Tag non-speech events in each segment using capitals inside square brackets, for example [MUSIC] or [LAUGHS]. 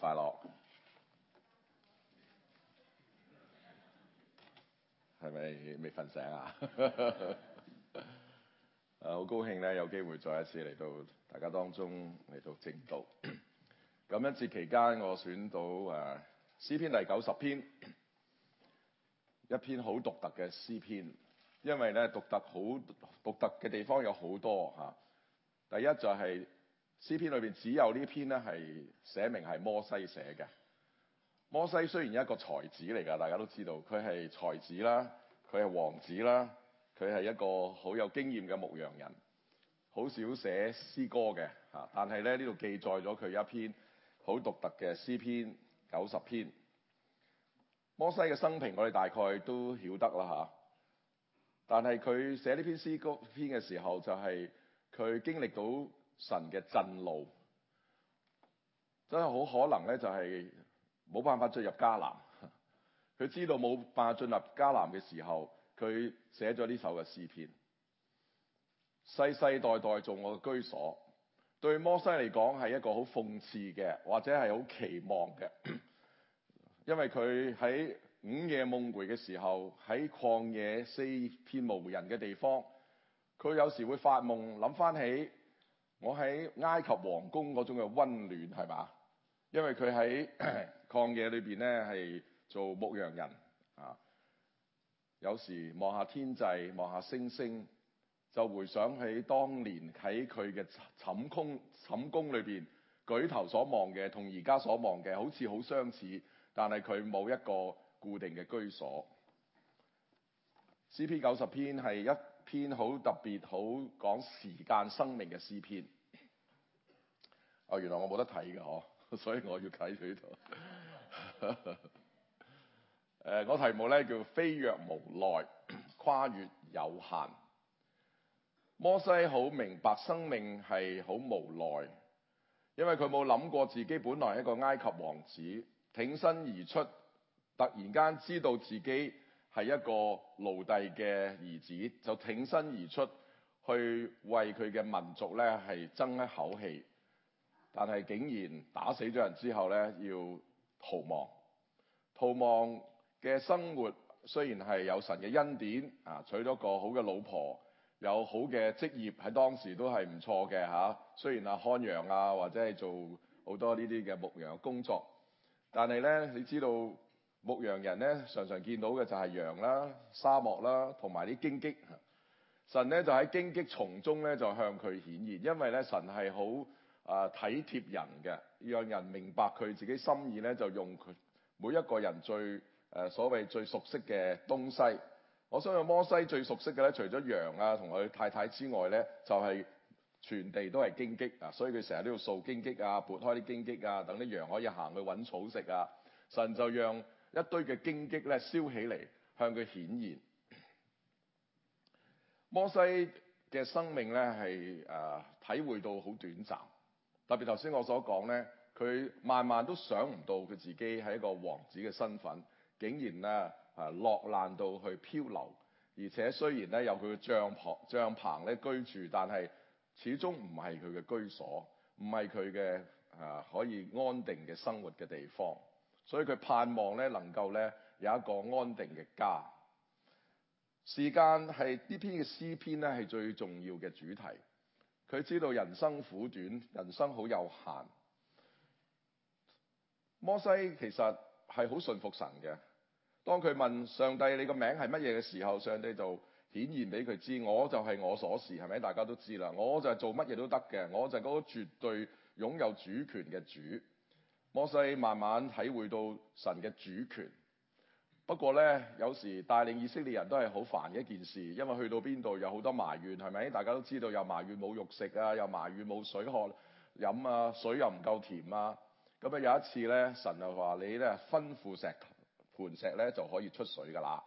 快樂係咪未瞓醒啊？誒，好高興咧，有機會再一次嚟到大家當中嚟到正道。咁 [COUGHS] 一節期間，我選到誒、啊、詩篇第九十篇，一篇好獨特嘅詩篇，因為咧獨特好獨特嘅地方有好多嚇、啊。第一就係、是。詩篇裏邊只有呢篇咧係寫明係摩西寫嘅。摩西雖然一個才子嚟㗎，大家都知道佢係才子啦，佢係王子啦，佢係一個好有經驗嘅牧羊人，好少寫詩歌嘅嚇。但係咧呢度記載咗佢一篇好獨特嘅詩篇九十篇。摩西嘅生平我哋大概都曉得啦嚇，但係佢寫呢篇詩歌篇嘅時候就係佢經歷到神嘅震怒，真係好可能咧，就係冇辦法進入迦南。佢 [LAUGHS] 知道冇辦法進入迦南嘅時候，佢寫咗呢首嘅詩篇。世世代代做我嘅居所，對摩西嚟講，係一個好諷刺嘅，或者係好期望嘅， [COUGHS] 因為佢喺午夜夢回嘅時候，喺曠野四片無人嘅地方，佢有時會發夢，諗翻起。我喺埃及王宮嗰種嘅温暖係嘛？因為佢喺曠野裏邊咧係做牧羊人啊，有時望下天際，望下星星，就回想起當年喺佢嘅寢宮寢宮裏邊舉頭所望嘅，同而家所望嘅好似好相似，但係佢冇一個固定嘅居所。C P 九十篇係一。篇好特別，好講時間生命嘅詩篇。啊、哦，原來我冇得睇㗎嗬，所以我要睇佢呢度。誒，我題目咧叫《飛躍無奈，跨越有限》。摩西好明白生命係好無奈，因為佢冇諗過自己本來係一個埃及王子，挺身而出，突然間知道自己。係一個奴隸嘅兒子，就挺身而出，去為佢嘅民族咧係爭一口氣。但係竟然打死咗人之後咧，要逃亡。逃亡嘅生活雖然係有神嘅恩典啊，娶咗個好嘅老婆，有好嘅職業喺當時都係唔錯嘅嚇、啊。雖然啊，看羊啊，或者係做好多呢啲嘅牧羊嘅工作，但係咧，你知道？牧羊人咧，常常見到嘅就係羊啦、沙漠啦，同埋啲荊棘。神咧就喺荊棘叢中咧，就向佢顯現，因為咧神係好啊體貼人嘅，讓人明白佢自己心意咧，就用佢每一個人最誒、呃、所謂最熟悉嘅東西。我相信摩西最熟悉嘅咧，除咗羊啊同佢太太之外咧，就係、是、全地都係荊棘啊，所以佢成日都要掃荊棘啊、撥開啲荊棘啊，等啲羊可以行去揾草食啊。神就讓一堆嘅荊棘咧燒起嚟，向佢顯現。摩西嘅生命咧係啊體會到好短暫，特別頭先我所講咧，佢萬萬都想唔到佢自己係一個王子嘅身份，竟然咧啊、呃、落難到去漂流，而且雖然咧有佢嘅帳篷帳篷咧居住，但係始終唔係佢嘅居所，唔係佢嘅啊可以安定嘅生活嘅地方。所以佢盼望咧，能夠咧有一個安定嘅家。時間係呢篇嘅詩篇咧，係最重要嘅主題。佢知道人生苦短，人生好有限。摩西其實係好信服神嘅。當佢問上帝你個名係乜嘢嘅時候，上帝就顯現俾佢知，我就係我所是，係咪？大家都知啦，我就係做乜嘢都得嘅，我就係嗰個絕對擁有主權嘅主。摩西慢慢體會到神嘅主權，不過咧，有時帶領以色列人都係好煩嘅一件事，因為去到邊度有好多埋怨，係咪？大家都知道又埋怨冇肉食啊，又埋怨冇水喝飲啊，水又唔夠甜啊。咁啊有一次咧，神就話你咧吩咐石磐石咧就可以出水噶啦。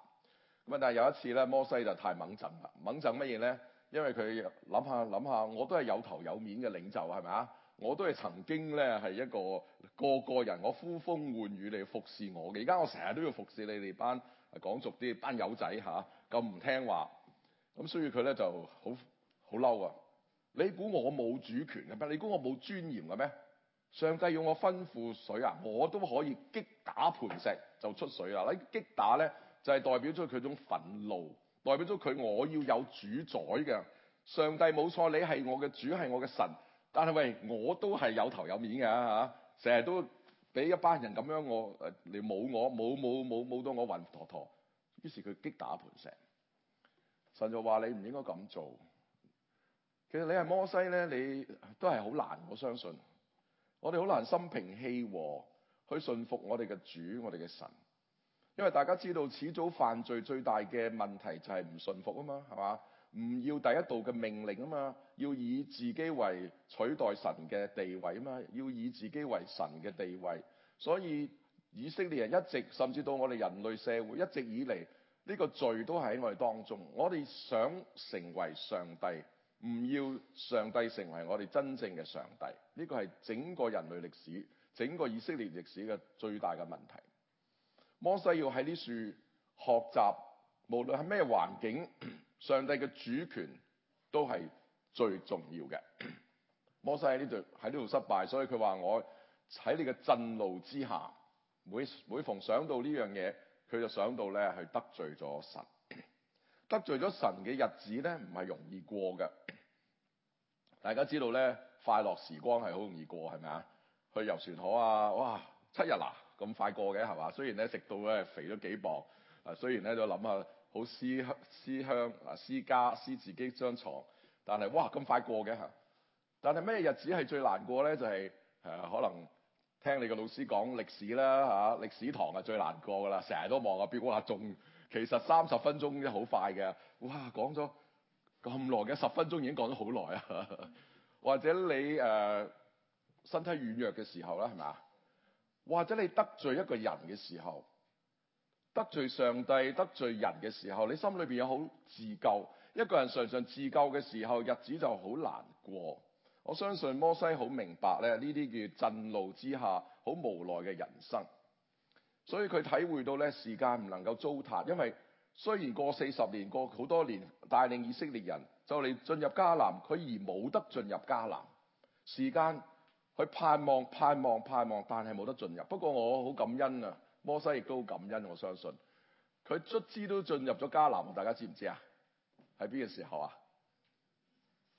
咁啊，但係有一次咧，摩西就太猛陣啦。猛陣乜嘢咧？因為佢諗下諗下，我都係有頭有面嘅領袖，係咪啊？我都係曾經咧，係一個個個人，我呼風喚雨嚟服侍我嘅。而家我成日都要服侍你哋班，講俗啲，班友仔嚇咁唔聽話，咁所以佢咧就好好嬲啊！你估我冇主權嘅咩？你估我冇尊嚴嘅咩？上帝要我吩咐水啊，我都可以擊打盤石就出水啦！你擊打咧就係、是、代表咗佢種憤怒，代表咗佢我要有主宰嘅。上帝冇錯，你係我嘅主，係我嘅神。但係喂，我都係有頭有面嘅嚇，成、啊、日都俾一班人咁樣我你冇、啊、我冇冇冇冇到我暈陀陀，於是佢擊打磐石，神就話你唔應該咁做。其實你係摩西咧，你都係好難，我相信。我哋好難心平氣和去順服我哋嘅主，我哋嘅神，因為大家知道始祖犯罪最大嘅問題就係唔順服啊嘛，係嘛？唔要第一道嘅命令啊嘛，要以自己為取代神嘅地位啊嘛，要以自己為神嘅地位。所以以色列人一直，甚至到我哋人類社會一直以嚟，呢個罪都喺我哋當中。我哋想成為上帝，唔要上帝成為我哋真正嘅上帝。呢個係整個人類歷史，整個以色列歷史嘅最大嘅問題。摩西要喺呢處學習，無論係咩環境。 [COUGHS] 上帝嘅主權都係最重要嘅。摩西喺呢度喺呢度失敗，所以佢話我喺你嘅震怒之下，每每逢想到呢樣嘢，佢就想到咧去得罪咗神。得罪咗神嘅日子咧，唔係容易過嘅。大家知道咧，快樂時光係好容易過，係咪啊？去遊船河啊！哇，七日嗱，咁快過嘅係嘛？雖然咧食到咧肥咗幾磅，啊雖然咧就諗下。好，思鄉，思鄉嗱，思家，思自己張床，但係哇咁快過嘅嚇！但係咩日子係最難過咧？就係、是、誒、呃、可能聽你個老師講歷史啦嚇、啊，歷史堂係最難過噶啦，成日都望阿表哥阿仲。其實三十分鐘都好快嘅，哇，講咗咁耐嘅十分鐘已經講咗好耐啊！或者你誒、呃、身體軟弱嘅時候啦，係咪？或者你得罪一個人嘅時候。得罪上帝、得罪人嘅時候，你心裏邊有好自咎，一個人常常自咎嘅時候，日子就好難過，我相信摩西好明白咧，呢啲叫震怒之下好無奈嘅人生。所以佢體會到咧，時間唔能夠糟蹋，因為雖然過四十年、過好多年，帶領以色列人就嚟進入迦南，佢而冇得進入迦南。時間去盼，盼望、盼望、盼望，但係冇得進入。不過我好感恩啊！摩西亦都感恩，我相信佢卒之都進入咗迦南，大家知唔知啊？喺邊個時候啊？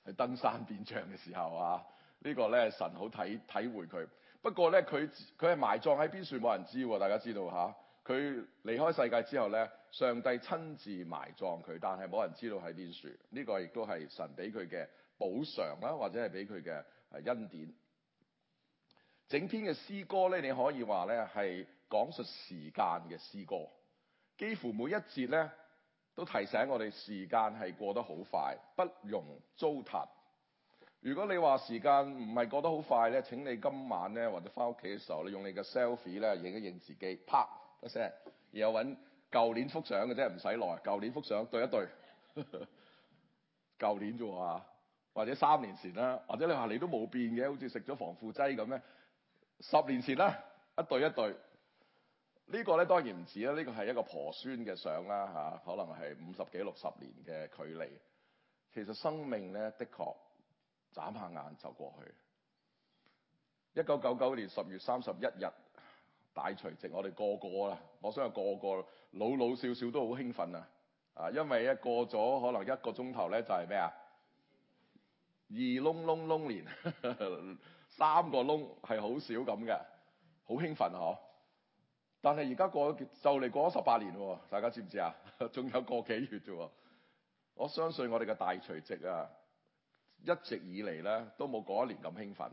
係登山變像嘅時候啊？這個、呢個咧，神好體體會佢。不過咧佢佢係埋葬喺邊樹冇人知，大家知道吓？佢離開世界之後咧，上帝親自埋葬佢，但係冇人知道喺邊樹。呢、這個亦都係神俾佢嘅補償啦，或者係俾佢嘅恩典。整篇嘅詩歌咧，你可以話咧係。講述時間嘅詩歌，幾乎每一節咧都提醒我哋時間係過得好快，不容糟蹋。如果你話時間唔係過得好快咧，請你今晚咧或者翻屋企嘅時候，你用你嘅 selfie 咧影一影自己，啪一聲，然後揾舊年幅相嘅啫，唔使耐，舊年幅相對一對，舊 [LAUGHS] 年啫喎，或者三年前啦，或者你話你都冇變嘅，好似食咗防腐劑咁咧，十年前啦，一對一對。呢個咧當然唔止啦，呢個係一個婆孫嘅相啦嚇，可能係五十幾六十年嘅距離。其實生命咧，的確眨下眼就過去。一九九九年十月三十一日大除夕，我哋個個啦，我相信個個老老少少都好興奮啊！啊，因為一過咗可能一個鐘頭咧，就係咩啊？二窿窿窿年三個窿係好少咁嘅，好興奮嗬！但係而家過咗就嚟過咗十八年喎，大家知唔知啊？仲 [LAUGHS] 有個幾月啫，我相信我哋嘅大除夕啊，一直以嚟咧都冇過一年咁興奮。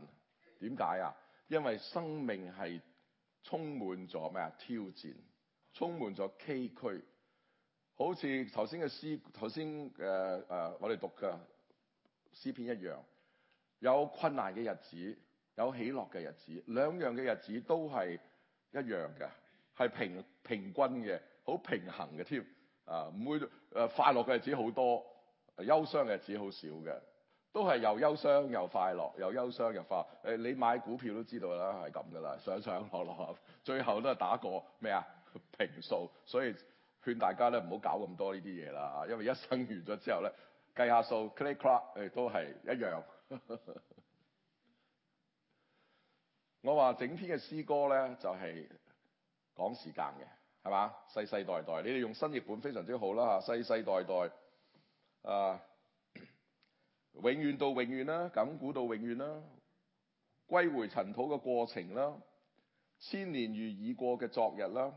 點解啊？因為生命係充滿咗咩啊挑戰，充滿咗崎嶇。好似頭先嘅詩，頭先誒誒我哋讀嘅詩篇一樣，有困難嘅日子，有喜樂嘅日子，兩樣嘅日子都係一樣嘅。係平平均嘅，好平衡嘅添啊！唔會誒、啊、快樂嘅日子好多，憂傷嘅日子好少嘅，都係又憂傷又快樂，又憂傷又快樂。你買股票都知道啦，係咁噶啦，上上落落，最後都係打過咩啊？平數，所以勸大家咧唔好搞咁多呢啲嘢啦，因為一生完咗之後咧，計下數 clear cut，l 誒都係一樣。 [LAUGHS] 我話整篇嘅詩歌咧，就係、是。講時間嘅係嘛？世世代代，你哋用新譯本非常之好啦嚇！世世代代，誒、呃、永遠到永遠啦，亙古到永遠啦，歸回塵土嘅過程啦，千年如已過嘅昨日啦，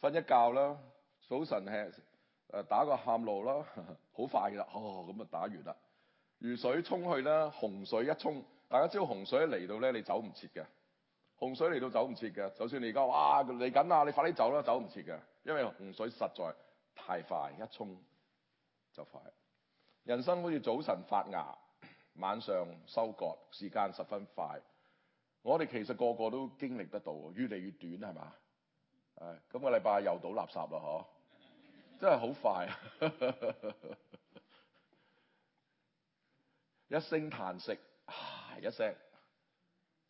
瞓一覺啦，早晨 h e 打個喊露啦，好快㗎啦，哦咁啊打完啦，如水沖去啦，洪水一沖，大家知道洪水一嚟到咧，你走唔切嘅。洪水嚟到走唔切嘅，就算你而家哇嚟緊啦，你快啲走啦，走唔切嘅，因為洪水實在太快，一沖就快。人生好似早晨發芽，晚上收割，時間十分快。我哋其實個個都經歷得到，越嚟越短係嘛？誒、哎，今個禮拜又倒垃圾啦，嗬、啊，真係好快啊！ [LAUGHS] 一聲嘆息，唉一聲。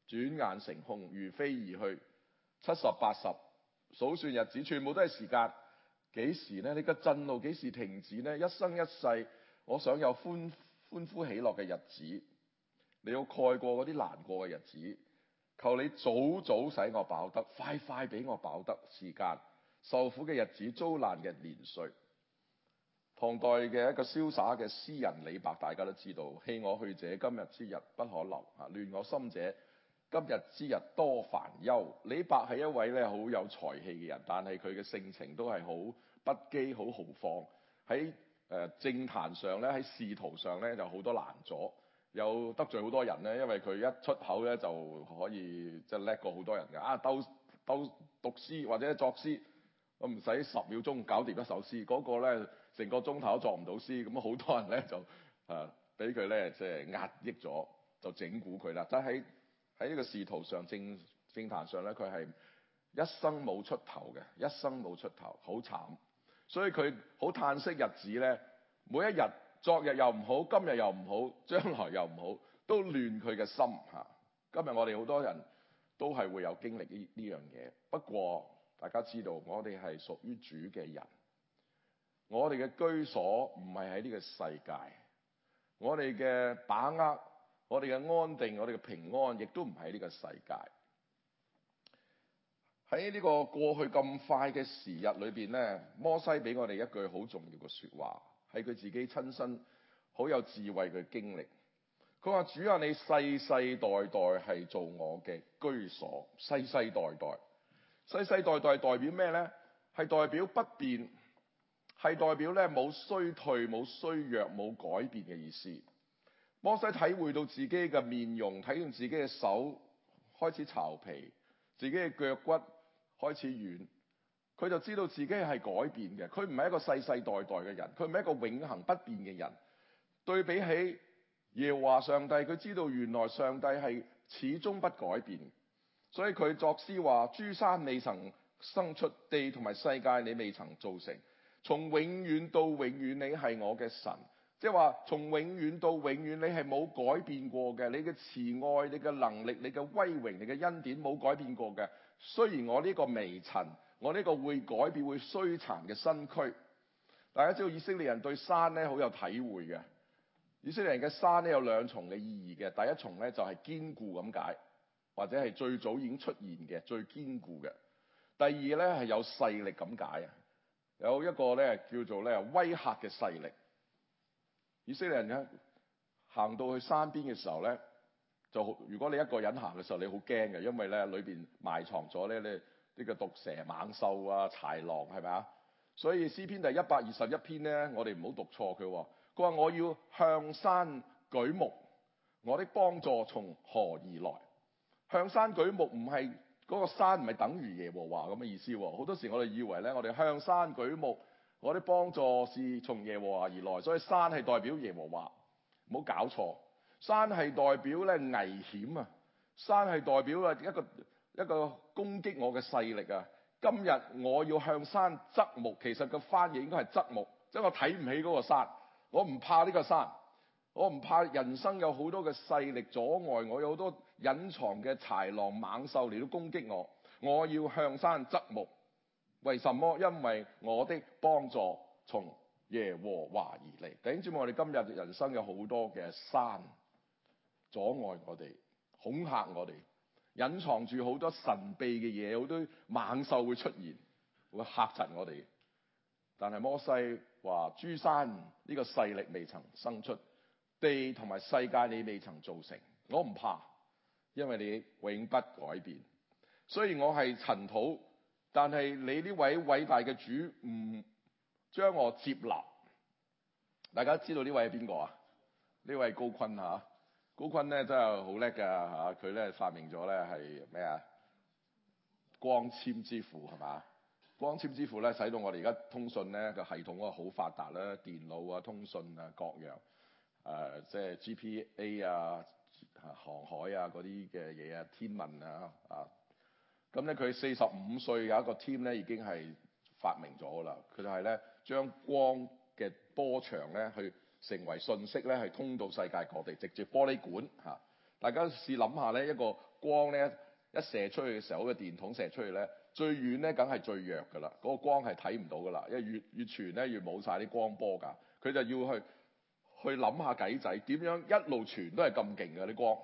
轉眼成空，如飛而去。七十八十，數算日子，全部都係時間。幾時呢？你嘅震怒幾時停止呢？一生一世，我想有歡歡呼喜樂嘅日子。你要蓋過嗰啲難過嘅日子。求你早早使我飽得，快快俾我飽得時間。時間受苦嘅日子，遭難嘅年歲。唐代嘅一個瀟灑嘅詩人李白，大家都知道。棄我去者，今日之日不可留；啊，亂我心者。今日之日多煩憂。李白係一位咧好有才氣嘅人，但係佢嘅性情都係好不羈、好豪放。喺誒、呃、政壇上咧，喺仕途上咧就好多難阻，又得罪好多人咧，因為佢一出口咧就可以即係叻過好多人㗎。啊，鬥鬥、鬥讀詩或者作詩，我唔使十秒鐘搞掂一首詩，嗰、那個咧成個鐘頭作唔到詩，咁好多人咧就誒俾佢咧即係壓抑咗，就整蠱佢啦。但喺喺呢個仕途上、政政壇上咧，佢係一生冇出頭嘅，一生冇出頭，好慘。所以佢好嘆息日子咧，每一日，昨日又唔好，今日又唔好，將來又唔好，都亂佢嘅心嚇。今日我哋好多人都係會有經歷呢呢樣嘢。不過大家知道，我哋係屬於主嘅人，我哋嘅居所唔係喺呢個世界，我哋嘅把握。我哋嘅安定，我哋嘅平安，亦都唔喺呢個世界。喺呢個過去咁快嘅時日裏邊咧，摩西俾我哋一句好重要嘅說話，係佢自己親身好有智慧嘅經歷。佢話：主啊，你世世代代係做我嘅居所，世世代代，世世代代代，代，代表咩咧？係代表不變，係代表咧冇衰退、冇衰弱、冇改變嘅意思。摩西體會到自己嘅面容，睇見自己嘅手開始皺皮，自己嘅腳骨開始軟，佢就知道自己係改變嘅。佢唔係一個世世代代嘅人，佢唔係一個永恒不變嘅人。對比起耶和華上帝，佢知道原來上帝係始終不改變。所以佢作詩話：諸山未曾生出地，同埋世界你未曾造成。從永遠到永遠，你係我嘅神。即係話，從永遠到永遠，你係冇改變過嘅。你嘅慈愛、你嘅能力、你嘅威榮、你嘅恩典冇改變過嘅。雖然我呢個微塵，我呢個會改變、會衰殘嘅身軀。大家知道以色列人對山咧好有體會嘅。以色列人嘅山咧有兩重嘅意義嘅。第一重咧就係堅固咁解，或者係最早已經出現嘅最堅固嘅。第二咧係有勢力咁解啊，有一個咧叫做咧威嚇嘅勢力。以色列人咧行到去山邊嘅時候咧，就如果你一個人行嘅時候，你好驚嘅，因為咧裏邊埋藏咗咧，呢啲嘅毒蛇猛獸啊、豺狼係咪啊？所以詩篇第一百二十一篇咧，我哋唔好讀錯佢、哦。佢話我要向山舉目，我的幫助從何而來？向山舉目唔係嗰個山唔係等於耶和華咁嘅意思喎、哦。好多時我哋以為咧，我哋向山舉目。我啲幫助是從耶和華而來，所以山係代表耶和華，冇搞錯。山係代表咧危險啊，山係代表啊一個一個攻擊我嘅勢力啊。今日我要向山側目，其實個翻譯應該係側目，即係我睇唔起嗰個山，我唔怕呢個山，我唔怕人生有好多嘅勢力阻礙我，有好多隱藏嘅豺狼猛獸嚟到攻擊我，我要向山側目。為什麼？因為我的幫助從耶和華而嚟。頂住我哋今日人生有好多嘅山阻礙我哋，恐嚇我哋，隱藏住好多神秘嘅嘢，好多猛獸會出現，會吓窒我哋。但係摩西話：諸山呢個勢力未曾生出，地同埋世界你未曾造成，我唔怕，因為你永不改變。所以我係塵土。但係你呢位偉大嘅主唔將我接納，大家知道呢位係邊個啊？呢位高錕嚇、啊，高錕咧真係好叻㗎嚇，佢、啊、咧發明咗咧係咩啊？光纖之父係嘛？光纖之父咧使到我哋而家通訊咧個系統啊好發達啦，電腦啊、通訊啊各樣，誒、呃、即係 GPA 啊、航海啊嗰啲嘅嘢啊、天文啊啊。咁咧，佢四十五歲有一個 team 咧，已經係發明咗啦。佢就係咧，將光嘅波長咧，去成為訊息咧，係通到世界各地，直接玻璃管嚇、啊。大家試諗下咧，一個光咧一射出去嘅時候，一個電筒射出去咧，最遠咧，梗係最弱噶啦。嗰、那個光係睇唔到噶啦，因為越越傳咧越冇晒啲光波㗎。佢就要去去諗下計仔點樣一路傳都係咁勁㗎啲光。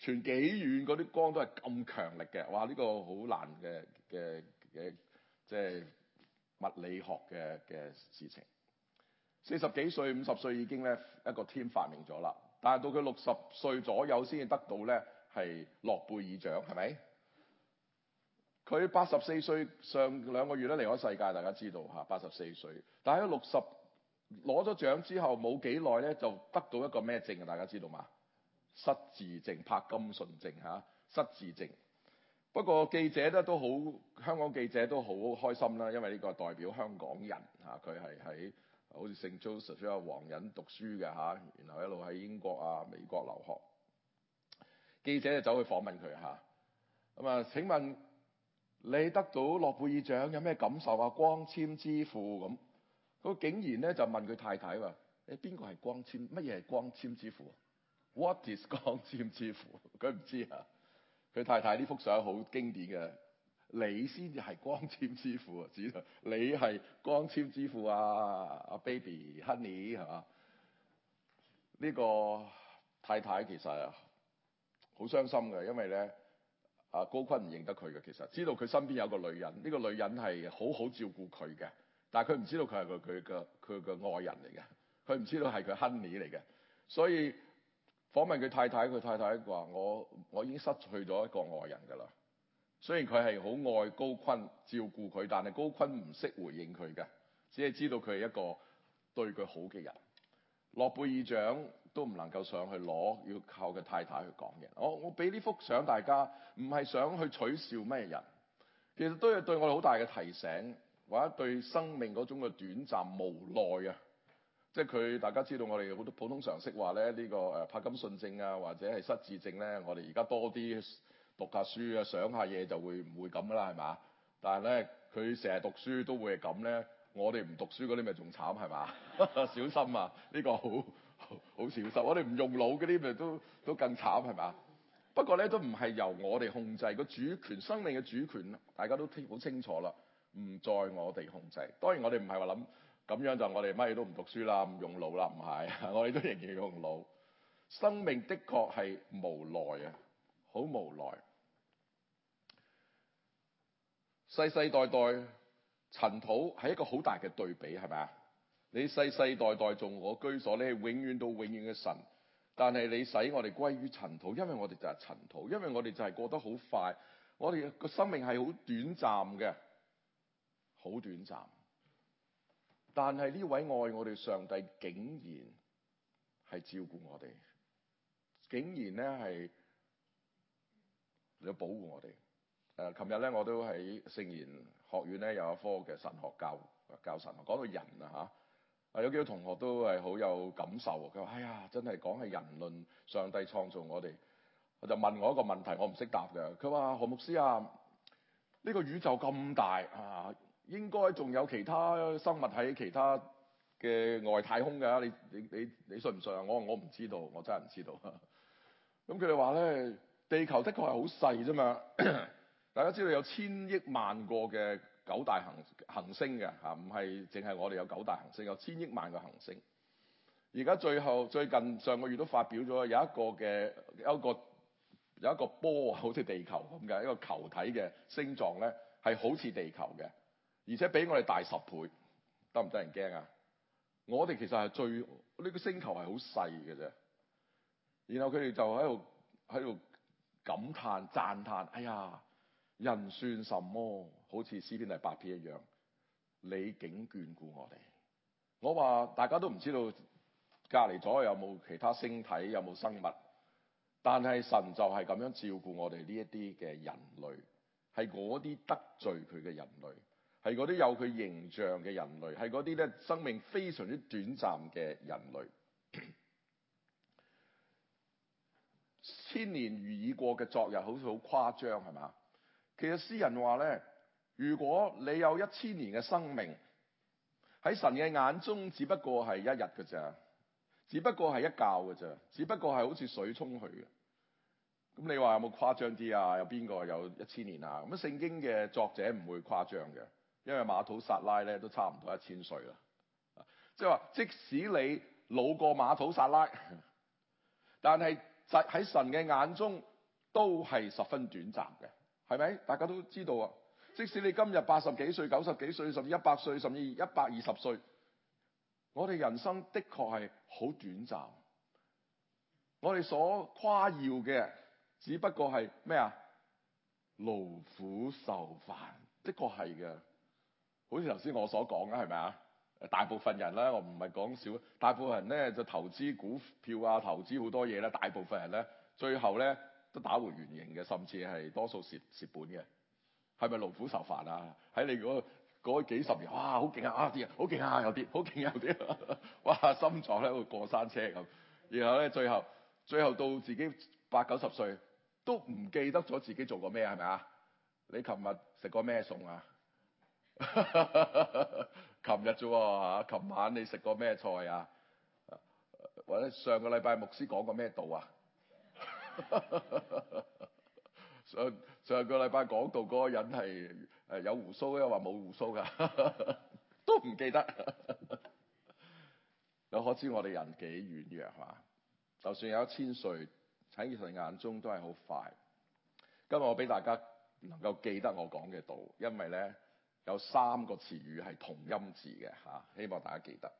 傳幾遠嗰啲光都係咁強力嘅，哇！呢、呢個好難嘅嘅嘅，即係物理學嘅嘅事情。四十幾歲、五十歲已經咧一個天發明咗啦，但係到佢六十歲左右先至得到咧係諾貝爾獎，係咪？佢八十四歲上兩個月咧離開世界，大家知道嚇，八十四歲。但係佢六十攞咗獎之後冇幾耐咧，就得到一個咩證啊？大家知道嘛？失智症、柏金遜症，嚇，失智症。不過記者咧都好，香港記者都好開心啦，因為呢個代表香港人嚇，佢係喺好似聖 Joseph 啊黃忍讀書嘅嚇、啊，然後一路喺英國啊美國留學。記者就走去訪問佢嚇，咁啊？請問你得到諾貝爾獎有咩感受啊？光纖之父咁，佢、啊、竟然咧就問佢太太話：誒邊個係光纖？乜嘢係光纖之父、啊？What is 光纖之父？佢 [LAUGHS] 唔知啊！佢太太呢幅相好經典嘅，你先至係光纖之，之父啊！知你係光纖之父啊！阿 baby、honey 係嘛？呢個太太其實好傷心嘅，因為咧阿高錕唔認得佢嘅，其實知道佢身邊有個女人，呢、這個女人係好好照顧佢嘅，但係佢唔知道佢係佢佢嘅佢嘅愛人嚟嘅，佢唔知道係佢 honey 嚟嘅，所以。訪問佢太太，佢太太話：我我已經失去咗一個愛人㗎啦。雖然佢係好愛高錕，照顧佢，但係高錕唔識回應佢嘅，只係知道佢係一個對佢好嘅人。諾貝爾獎都唔能夠上去攞，要靠佢太太去講嘅。我我俾呢幅相大家，唔係想去取笑咩人，其實都係對我哋好大嘅提醒，或者對生命嗰種嘅短暫無奈啊。即係佢，大家知道我哋好多普通常識話咧，呢個誒柏金遜症啊，或者係失智症咧，我哋而家多啲讀下書啊，想下嘢就會唔會咁啦，係嘛？但係咧，佢成日讀書都會係咁咧，我哋唔讀書嗰啲咪仲慘係嘛？ [LAUGHS] 小心啊！呢個好好小心，我哋唔用腦嗰啲咪都都更慘係嘛？不過咧都唔係由我哋控制個主權，生命嘅主權，大家都好清楚啦，唔在我哋控制。當然我哋唔係話諗。咁樣就我哋乜嘢都唔讀書啦，唔用腦啦，唔係，我哋都仍然用腦。生命的確係無奈啊，好無奈。世世代代，塵土係一個好大嘅對比，係咪啊？你世世代代做我居所，你係永遠到永遠嘅神，但係你使我哋歸於塵土，因為我哋就係塵土，因為我哋就係過得好快，我哋個生命係好短暫嘅，好短暫。但係呢位愛我哋上帝竟然係照顧我哋，竟然咧係要保護我哋。誒、呃，琴日咧我都喺聖賢學院咧有一科嘅神學教教神學講到人啊吓，有幾多同學都係好有感受。佢話：哎呀，真係講係人論，上帝創造我哋。我就問我一個問題，我唔識答嘅。佢話何牧師啊，呢、這個宇宙咁大啊！應該仲有其他生物喺其他嘅外太空㗎。你你你你信唔信啊？我我唔知道，我真係唔知道。咁佢哋話咧，地球的確係好細啫嘛。大家知道有千億萬個嘅九大行行星嘅嚇，唔係淨係我哋有九大行星，有千億萬個行星。而家最後最近上個月都發表咗有一個嘅有一個有一個，有一個波好，一一個好似地球咁嘅一個球體嘅星狀咧，係好似地球嘅。而且比我哋大十倍，得唔得人驚啊？我哋其實係最呢、這個星球係好細嘅啫。然後佢哋就喺度喺度感嘆讚嘆：哎呀，人算什麼？好似詩篇第八篇一樣，你竟眷顧我哋。我話大家都唔知道隔籬左右有冇其他星體，有冇生物，但係神就係咁樣照顧我哋呢一啲嘅人類，係嗰啲得罪佢嘅人類。係嗰啲有佢形象嘅人類，係嗰啲咧生命非常之短暫嘅人類。 [COUGHS] 千年如已過嘅昨日，好似好誇張係嘛？其實詩人話咧，如果你有一千年嘅生命，喺神嘅眼中只不過係一日嘅咋，只不過係一覺嘅咋，只不過係好似水沖去嘅。咁你話有冇誇張啲啊？有邊個有一千年啊？咁啊，聖經嘅作者唔會誇張嘅。因為馬土撒拉咧都差唔多一千歲啦，即係話，即使你老過馬土撒拉，但係喺神嘅眼中都係十分短暫嘅，係咪？大家都知道啊，即使你今日八十幾歲、九十幾歲，甚至一百歲，甚至一百二十歲，我哋人生的確係好短暫。我哋所誇耀嘅只不過係咩啊？勞苦受煩，的確係嘅。好似頭先我所講嘅係咪啊？大部分人咧，我唔係講少，大部分人咧就投資股票啊，投資好多嘢咧。大部分人咧，最後咧都打回原形嘅，甚至係多數蝕蝕本嘅。係咪勞苦受煩啊？喺你嗰嗰幾十年，哇，好勁啊！有啲，好勁啊！有啲，好勁，有啲，哇，心臟咧會過山車咁。然後咧，最後最後到自己八九十歲，都唔記得咗自己做過咩啊？係咪啊？你琴日食過咩餸啊？琴日啫，嚇、 [LAUGHS] 啊！琴晚你食過咩菜啊？或者上個禮拜牧師講過咩道啊？ [LAUGHS] 上上個禮拜講道嗰個人係誒有胡鬚咧，話冇胡鬚噶， [LAUGHS] 都唔不記得。 [LAUGHS] 有可知我哋人幾軟弱嚇、啊？就算有千歲，喺佢眼中都係好快。今日我俾大家能夠記得我講嘅道，因為咧。有三個詞語係同音字嘅嚇、啊，希望大家記得。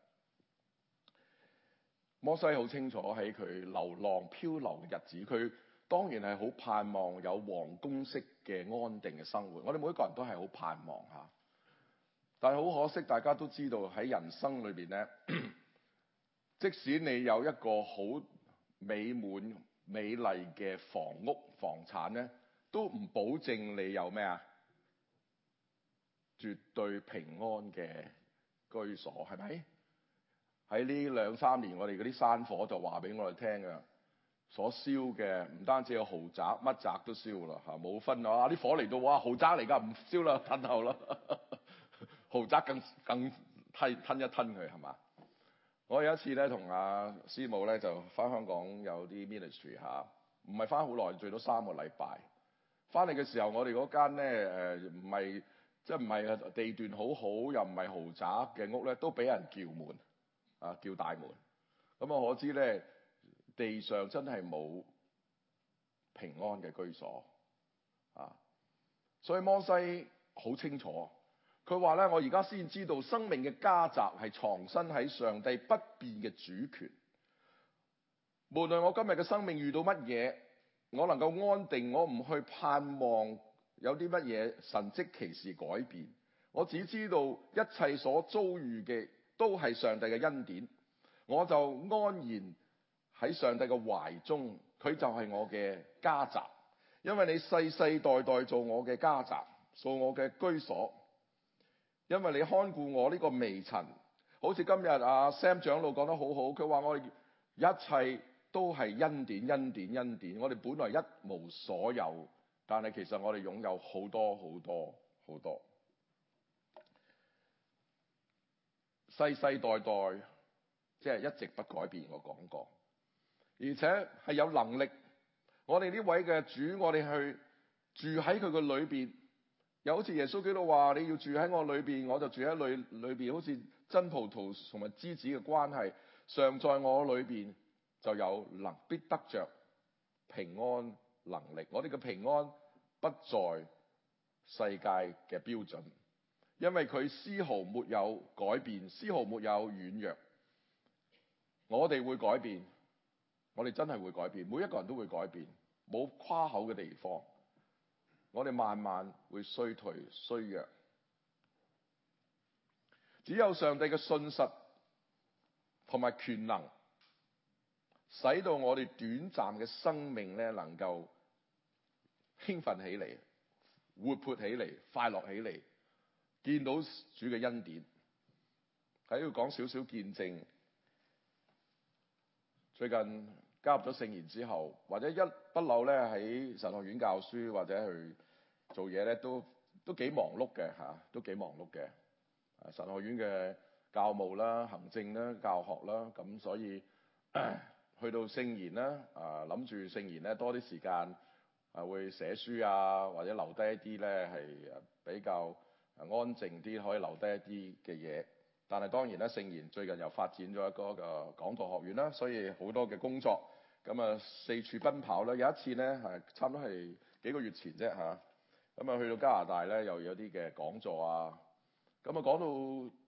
摩西好清楚喺佢流浪漂流嘅日子，佢當然係好盼望有皇宮式嘅安定嘅生活。我哋每個人都係好盼望嚇、啊，但係好可惜，大家都知道喺人生裏邊咧，即使你有一個好美滿美麗嘅房屋房產咧，都唔保證你有咩啊？絕對平安嘅居所係咪？喺呢兩三年，我哋嗰啲山火就話俾我哋聽㗎，所燒嘅唔單止有豪宅，乜宅都燒啦嚇，冇分啊！啲、啊、火嚟到哇，豪宅嚟㗎，唔燒啦，褪後啦，豪宅更更，更吞吞一吞佢係嘛？我有一次咧，同阿師母咧就翻香港有啲 ministry 嚇、啊，唔係翻好耐，最多三個禮拜。翻嚟嘅時候，我哋嗰間咧誒唔係。呃即係唔係地段好好又唔係豪宅嘅屋咧，都俾人叫門啊，撬大門。咁啊，可知咧地上真係冇平安嘅居所啊。所以摩西好清楚，佢話咧：我而家先知道生命嘅家宅係藏身喺上帝不變嘅主權。無論我今日嘅生命遇到乜嘢，我能夠安定，我唔去盼望。有啲乜嘢神蹟奇事改變？我只知道一切所遭遇嘅都係上帝嘅恩典，我就安然喺上帝嘅懷中，佢就係我嘅家宅，因為你世世代代做我嘅家宅，做我嘅居所，因為你看顧我呢個微塵，好似今日阿、啊、Sam 長老講得好好，佢話我哋一切都係恩、恩典，恩典，恩典，我哋本來一無所有。但係其實我哋擁有好多好多好多世世代代，即係一直不改變。我講過，而且係有能力。我哋呢位嘅主，我哋去住喺佢個裏邊，又好似耶穌基督話你要住喺我裏邊，我就住喺裏裏邊。好似真葡萄同埋枝子嘅關係，常在我裏邊就有能必得着平安。能力，我哋嘅平安不在世界嘅標準，因為佢絲毫沒有改變，絲毫沒有軟弱。我哋會改變，我哋真係會改變，每一個人都會改變，冇誇口嘅地方。我哋慢慢會衰退衰弱，只有上帝嘅信實同埋權能，使到我哋短暫嘅生命咧能夠。興奮起嚟，活潑起嚟，快樂起嚟，見到主嘅恩典。喺度講少少見證。最近加入咗聖賢之後，或者一不嬲咧喺神學院教書，或者去做嘢咧，都都幾忙碌嘅嚇，都幾忙碌嘅、啊。神學院嘅教務啦、行政啦、教學啦，咁所以去到聖賢啦，啊諗住聖賢咧多啲時間。啊，會寫書啊，或者留低一啲咧，係比較安靜啲，可以留低一啲嘅嘢。但係當然啦，聖言最近又發展咗一個嘅講道學院啦，所以好多嘅工作咁啊，四處奔跑啦。有一次咧，係差唔多係幾個月前啫吓，咁啊去到加拿大咧，又有啲嘅講座啊。咁啊講到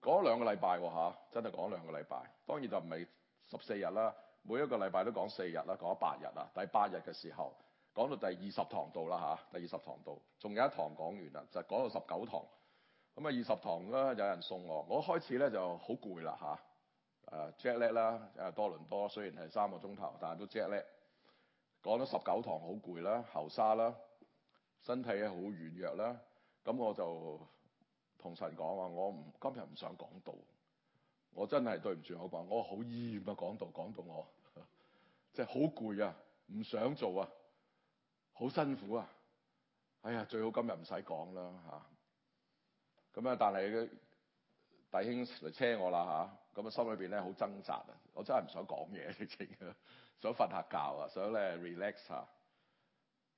講兩個禮拜喎嚇，真係講兩個禮拜。當然就唔係十四日啦，每一個禮拜都講四日啦，講咗八日喇。第八日嘅時候。講到第二十堂度啦嚇，第二十堂度仲有一堂講完啦，就講到十九堂。咁啊，二十堂啦，有人送我。我一開始咧就好攰啦嚇，誒 jet lag 啦，誒多倫多雖然係三個鐘頭，但係都 jet lag。t 講到十九堂好攰啦，喉沙啦，身體好軟弱啦。咁我就同神講話，我唔今日唔想講道，我真係對唔住我講，我好厭啊講道講到我，即係好攰啊，唔想做啊。好辛苦啊！哎呀，最好今日唔使講啦吓。咁啊，但係嘅弟兄嚟車我啦吓。咁啊，啊，心裏邊咧好掙扎啊！我真係唔想講嘢，直情想瞓下覺啊，想咧 relax 下。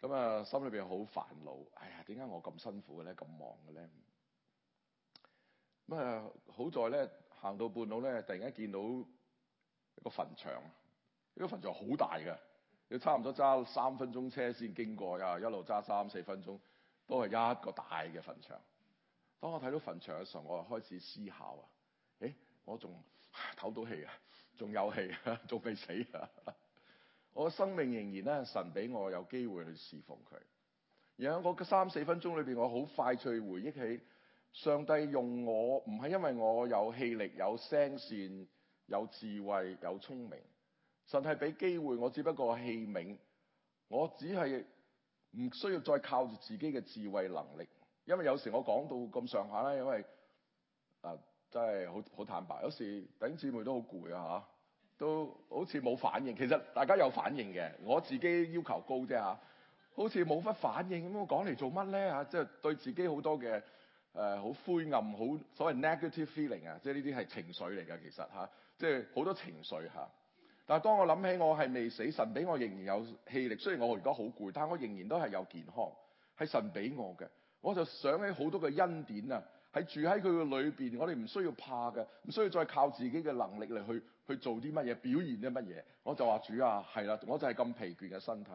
咁啊，心裏邊好煩惱。哎呀，點解我咁辛苦嘅咧？咁忙嘅咧？咁啊，好在咧行到半路咧，突然間見到一個墳場，呢個墳場好大㗎。佢差唔多揸三分鐘車先經過呀，一路揸三四分鐘都係一個大嘅墳場。當我睇到墳場嘅時候，我就開始思考啊，誒、欸，我仲唞到氣啊，仲有氣啊，仲未死啊！我嘅生命仍然咧，神俾我有機會去侍奉佢。然後我嘅三四分鐘裏邊，我好快脆回憶起上帝用我，唔係因為我有氣力、有聲線、有智慧、有聰明。神係俾機會，我只不過器皿，我只係唔需要再靠住自己嘅智慧能力，因為有時我講到咁上下咧，因為啊真係好好坦白，有時弟兄姊妹都好攰啊嚇，都好似冇反應，其實大家有反應嘅，我自己要求高啫嚇、啊，好似冇乜反應咁講嚟做乜咧嚇？即係對自己好多嘅誒好灰暗，好所謂 negative feeling 啊，即係呢啲係情緒嚟㗎，其實嚇、啊，即係好多情緒嚇。啊。但係當我諗起我係未死，神俾我仍然有氣力，雖然我而家好攰，但係我仍然都係有健康，係神俾我嘅。我就想起好多個恩典啊，喺住喺佢嘅裏邊，我哋唔需要怕嘅，唔需要再靠自己嘅能力嚟去去做啲乜嘢，表現啲乜嘢。我就話主啊，係啦，我就係咁疲倦嘅身體，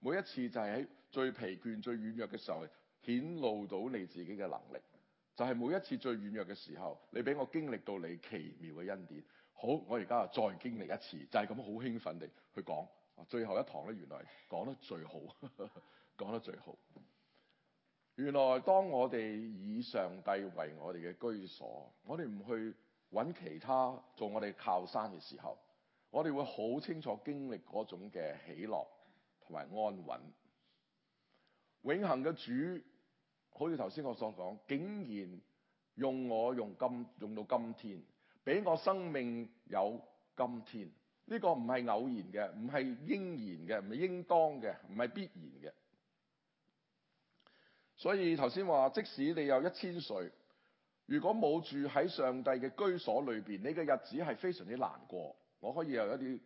每一次就係喺最疲倦、最軟弱嘅時候，顯露到你自己嘅能力，就係、是、每一次最軟弱嘅時候，你俾我經歷到你奇妙嘅恩典。好，我而家再經歷一次，就係咁好興奮地去講。最後一堂咧，原來講得最好， [LAUGHS] 講得最好。原來當我哋以上帝為我哋嘅居所，我哋唔去揾其他做我哋靠山嘅時候，我哋會好清楚經歷嗰種嘅喜樂同埋安穩。永恆嘅主，好似頭先我所講，竟然用我用今用到今天。俾我生命有今天，呢個唔係偶然嘅，唔係應然嘅，唔係應當嘅，唔係必然嘅。所以頭先話，即使你有一千歲，如果冇住喺上帝嘅居所裏邊，你嘅日子係非常之難過。我可以有一啲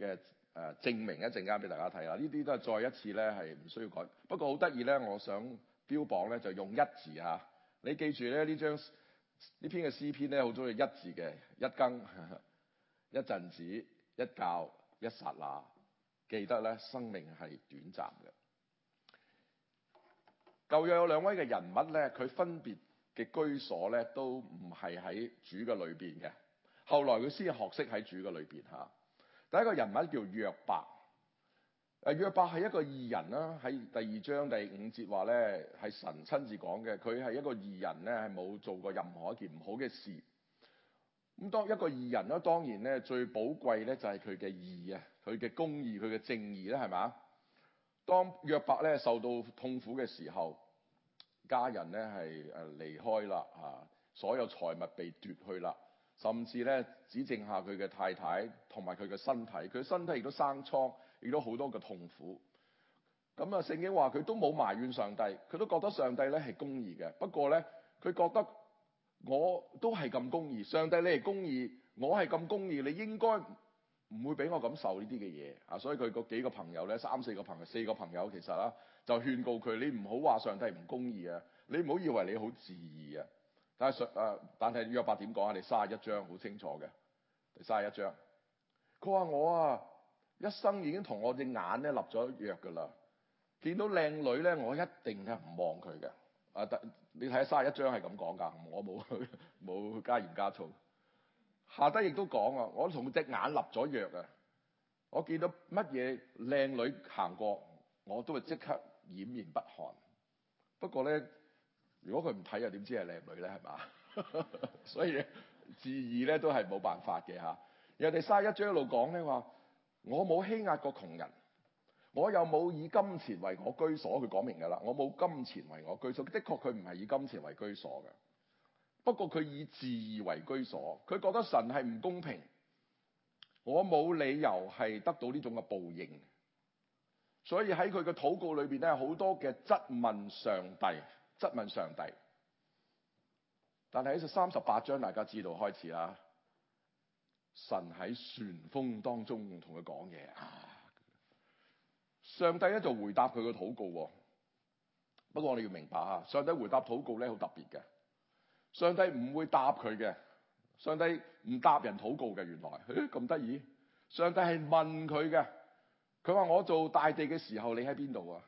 嘅誒證明一陣間俾大家睇下。呢啲都係再一次咧係唔需要改。不過好得意咧，我想標榜咧就用一字吓。你記住咧呢張。篇詩篇呢篇嘅詩篇咧，好中意一字嘅一更、 [LAUGHS] 一陣子、一覺、一剎那，記得咧生命係短暫嘅。舊約有兩位嘅人物咧，佢分別嘅居所咧都唔係喺主嘅裏邊嘅，後來佢先學識喺主嘅裏邊吓，第一個人物叫約伯。誒約伯係一個義人啦，喺第二章第五節話咧，係神親自講嘅。佢係一個義人咧，係冇做過任何一件唔好嘅事。咁當一個義人咧，當然咧最寶貴咧就係佢嘅義啊，佢嘅公義、佢嘅正義咧，係咪？當約伯咧受到痛苦嘅時候，家人咧係誒離開啦，嚇，所有財物被奪去啦，甚至咧只剩下佢嘅太太同埋佢嘅身體，佢身體亦都生瘡。遇到好多嘅痛苦，咁啊，聖經話佢都冇埋怨上帝，佢都覺得上帝咧係公義嘅。不過咧，佢覺得我都係咁公義，上帝你係公義，我係咁公義，你應該唔會俾我感受呢啲嘅嘢啊！所以佢嗰幾個朋友咧，三四個朋友，四個朋友其實啦，就勸告佢：你唔好話上帝唔公義啊！你唔好以為你好自義啊！但係上啊，但係約伯點講啊？你卅一章好清楚嘅，卅一章佢話我啊。一生已經同我隻眼咧立咗約噶啦，見到靚女咧，我一定係唔望佢嘅。啊，你睇下卅一章係咁講噶，我冇冇加鹽加醋。下低亦都講啊，我同隻眼立咗約啊，我見到乜嘢靚女行過，我都會即刻掩面不，不，不看。不過咧，如果佢唔睇又點知係靚女咧係嘛？ [LAUGHS] 所以自意咧都係冇辦法嘅嚇。啊、人哋卅一章一路講咧話。我冇欺壓過窮人，我又冇以金錢為我居所。佢講明㗎啦，我冇金錢為我居所。的確佢唔係以金錢為居所嘅，不過佢以自義為居所。佢覺得神係唔公平，我冇理由係得到呢種嘅報應。所以喺佢嘅禱告裏邊咧，好多嘅質問上帝，質問上帝。但係喺三十八章，大家知道開始啦。神喺旋風當中同佢講嘢啊！上帝咧就回答佢嘅禱告。不過你要明白啊，上帝回答禱告咧好特別嘅。上帝唔會答佢嘅，上帝唔答人禱告嘅。原來，誒咁得意？上帝係問佢嘅。佢話：我做大地嘅時候，你喺邊度啊？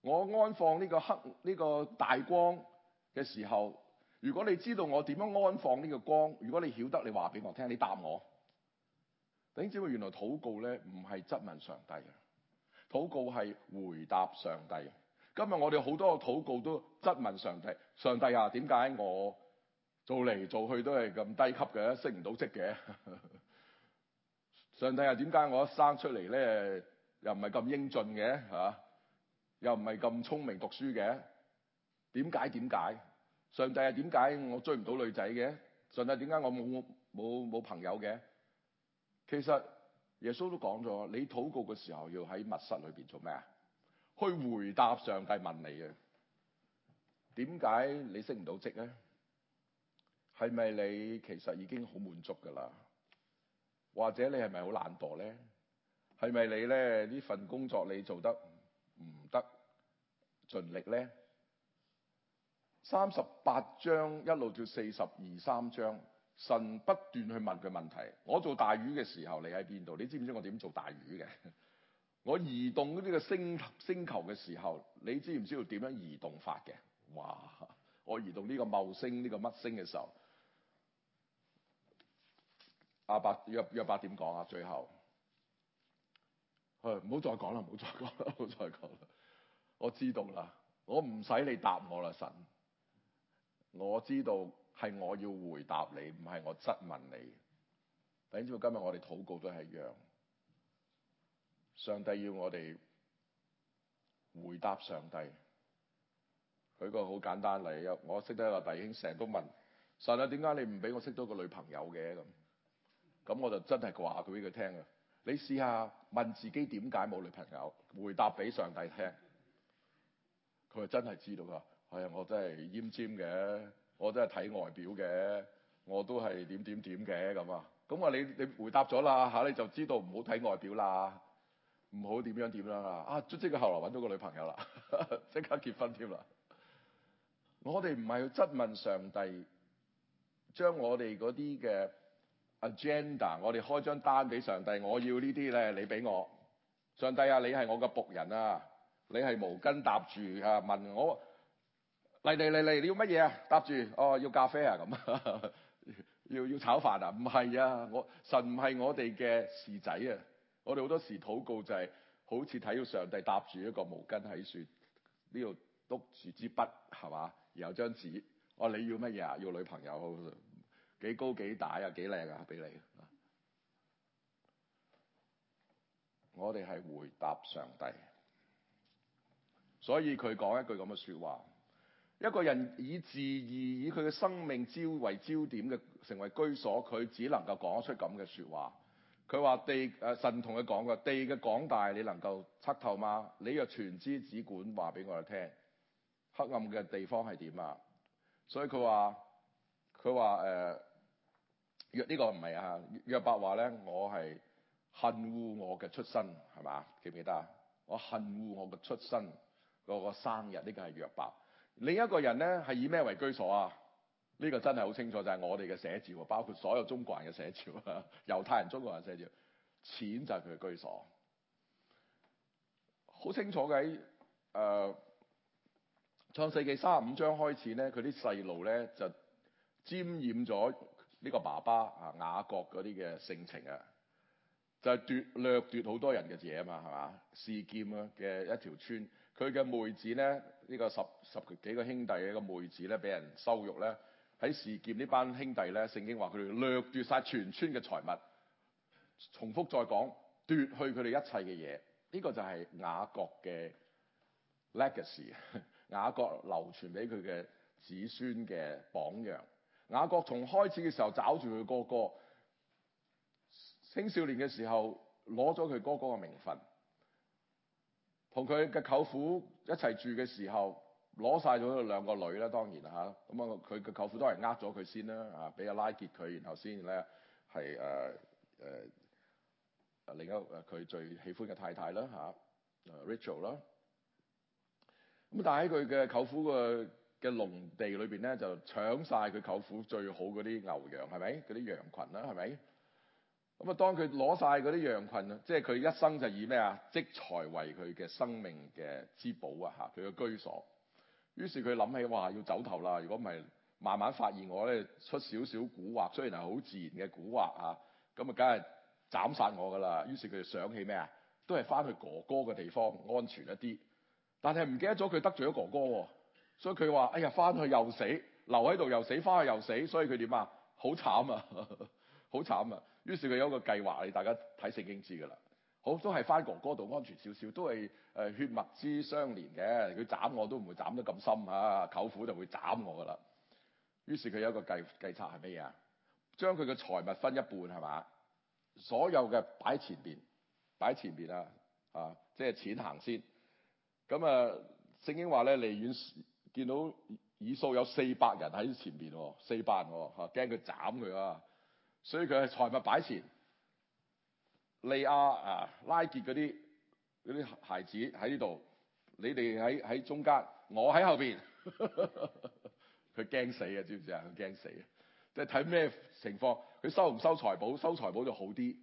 我安放呢個黑呢個大光嘅時候。如果你知道我點樣安放呢個光，如果你曉得，你話俾我聽，你答我。點知原來禱告咧唔係質問上帝，禱告係回答上帝。今日我哋好多個禱告都質問上帝，上帝啊，點解我做嚟做去都係咁低級嘅，升唔到職嘅？ [LAUGHS] 上帝啊，點解我一生出嚟咧又唔係咁英俊嘅嚇、啊，又唔係咁聰明讀書嘅？點解點解？上帝啊，點解我追唔到女仔嘅？上帝點解我冇冇冇朋友嘅？其實耶穌都講咗，你禱告嘅時候要喺密室裏邊做咩啊？去回答上帝問你嘅。點解你升唔到職咧？係咪你其實已經好滿足㗎啦？或者你係咪好懶惰咧？係咪你咧呢份工作你做得唔得盡力咧？三十八章一路到四十二三章，神不斷去問佢問題。我做大魚嘅時候，你喺邊度？你知唔知我點做大魚嘅？我移動呢個星星球嘅時候，你知唔知道點樣移動法嘅？哇！我移動呢個昴星呢、呢個乜星嘅時候，阿、啊、伯約約伯點講啊？最後，唔、哎、好再講啦！唔好再講啦！唔好再講啦！我知道啦，我唔使你答我啦，神。我知道係我要回答你，唔係我質問你。等係知道今日我哋禱告都係一樣，上帝要我哋回答上帝。舉個好簡單例，例如我識得一個弟兄，成日都問上帝點解你唔俾我識到個女朋友嘅咁？咁我就真係話佢俾佢聽啊！你試下問自己點解冇女朋友，回答俾上帝聽，佢係真係知道㗎。係、哎，我真係奄尖嘅。我都係睇外表嘅，我都係點點點嘅咁啊。咁啊，你你回答咗啦嚇，你就知道唔好睇外表啦，唔好點樣點樣啦。啊，即係佢後來揾到個女朋友啦，呵呵即刻結婚添啦。我哋唔係要質問上帝，將我哋嗰啲嘅 agenda，我哋開張單俾上帝，我要呢啲咧，你俾我。上帝啊，你係我嘅僕人啊，你係毛巾搭住啊，問我。嚟嚟嚟嚟，你要乜嘢啊？搭住，哦，要咖啡啊？咁 [LAUGHS] 要要炒飯啊？唔係啊，我神唔係我哋嘅侍仔啊！我哋好多時禱告就係、是、好似睇到上帝搭住一個毛巾喺樹呢度篤住支筆，係嘛？然後張紙，哦，你要乜嘢啊？要女朋友，幾高幾大啊？幾靚啊？俾你，我哋係回答上帝，所以佢講一句咁嘅說話。一個人以自義，以佢嘅生命焦為焦點嘅成為居所，佢只能夠講出咁嘅説話。佢話地，誒神同佢講嘅地嘅廣大，你能夠測透嗎？你若全知，只管話俾我哋聽。黑暗嘅地方係點啊？所以佢話，佢話，誒約呢個唔係啊，約伯話咧，我係恨惡我嘅出身係嘛，記唔記得啊？我恨惡我嘅出身，嗰、那個生日，呢個係約伯。另一個人咧係以咩為居所啊？呢、這個真係好清楚，就係、是、我哋嘅寫照，包括所有中國人嘅寫照啊，猶太人、中國人寫照，錢就係佢嘅居所。好清楚嘅喺誒創世記三十五章開始咧，佢啲細路咧就沾染咗呢個爸爸啊雅各嗰啲嘅性情啊，就係、是、奪掠奪好多人嘅嘢啊嘛，係嘛？示劍啊嘅一條村。佢嘅妹子咧，呢個十十幾個兄弟嘅個妹子咧，俾人羞辱咧。喺示劍呢班兄弟咧，聖經話佢哋掠奪晒全村嘅財物。重複再講，奪去佢哋一切嘅嘢。呢個就係雅各嘅 legacy，雅各流傳俾佢嘅子孫嘅榜樣，雅各從開始嘅時候找住佢哥哥，青少年嘅時候攞咗佢哥哥嘅名分。同佢嘅舅父一齊住嘅時候，攞晒咗兩個女啦，當然吓，咁啊，佢嘅舅父都係呃咗佢先啦，啊俾阿拉傑佢，然後先咧係誒誒另一個佢最喜歡嘅太太啦嚇，Rachel 啦。咁啊，但喺佢嘅舅父嘅嘅農地裏邊咧，就搶晒佢舅父最好嗰啲牛羊，係咪？嗰啲羊群啦，係咪？咁啊，當佢攞晒嗰啲羊群，啦，即係佢一生就以咩啊積財為佢嘅生命嘅之寶啊！嚇，佢嘅居所。於是佢諗起，哇，要走頭啦！如果唔係慢慢發現我咧，出少少蠱惑，雖然係好自然嘅蠱惑啊。咁啊，梗係斬殺我噶啦。於是佢就想起咩啊？都係翻去哥哥嘅地方安全一啲。但係唔記得咗佢得罪咗哥哥，哦，所以佢話：哎呀，翻去又死，留喺度又死，翻去又死，所以佢點啊？好慘啊！ [LAUGHS] 好慘啊！於是佢有個計劃，你大家睇聖經知㗎啦。好都係翻哥哥度安全少少，都係誒血脈之相連嘅。佢斬我都唔會斬得咁深啊，舅父就會斬我㗎啦。於是佢有一個計計策係咩嘢啊？將佢嘅財物分一半係嘛？所有嘅擺前邊，擺前邊啊！啊，即係錢行先咁啊！聖經話咧，離遠見到以掃有四百人喺前邊，四百人喎，驚佢斬佢啊！所以佢係財物擺前，利亞啊、拉結嗰啲啲孩子喺呢度，你哋喺喺中間，我喺後邊，佢 [LAUGHS] 驚死嘅知唔知啊？佢驚死嘅，即係睇咩情況。佢收唔收財寶？收財寶就好啲，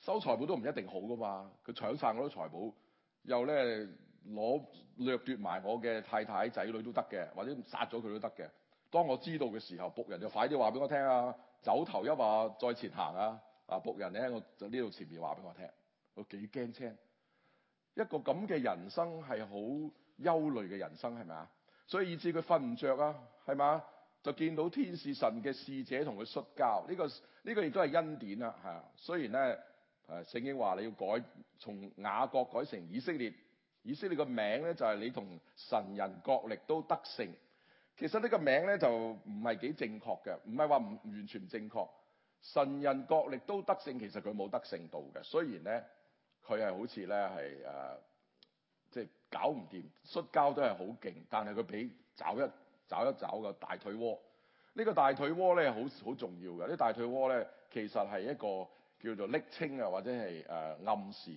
收財寶都唔一定好噶嘛。佢搶晒我啲財寶，又咧攞掠奪埋我嘅太太仔女都得嘅，或者殺咗佢都得嘅。當我知道嘅時候，僕人就快啲話俾我聽啊！走投一步、啊，再前行啊！啊僕人咧，我呢度前面話俾我聽，我幾驚青，一個咁嘅人生係好憂慮嘅人生係咪啊？所以以致佢瞓唔着啊，係嘛？就見到天使神嘅使者同佢摔跤，呢、這個呢、這個亦都係恩典啦、啊、吓。雖然咧、啊、聖經話你要改，從雅各改成以色列，以色列個名咧就係、是、你同神人角力都得勝。其實呢個名咧就唔係幾正確嘅，唔係話唔完全正確。神人角力都得勝，其實佢冇得勝到嘅。雖然咧，佢係好似咧係誒，即、呃、係、就是、搞唔掂摔跤都係好勁，但係佢畀找一找一爪、這個大腿窩呢。呢、這個大腿窩咧好好重要嘅。呢大腿窩咧其實係一個叫做暱稱啊，或者係誒、呃、暗示。